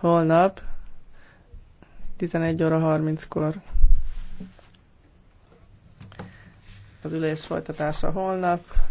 holnap 11 óra 30-kor. Az ülés folytatása holnap.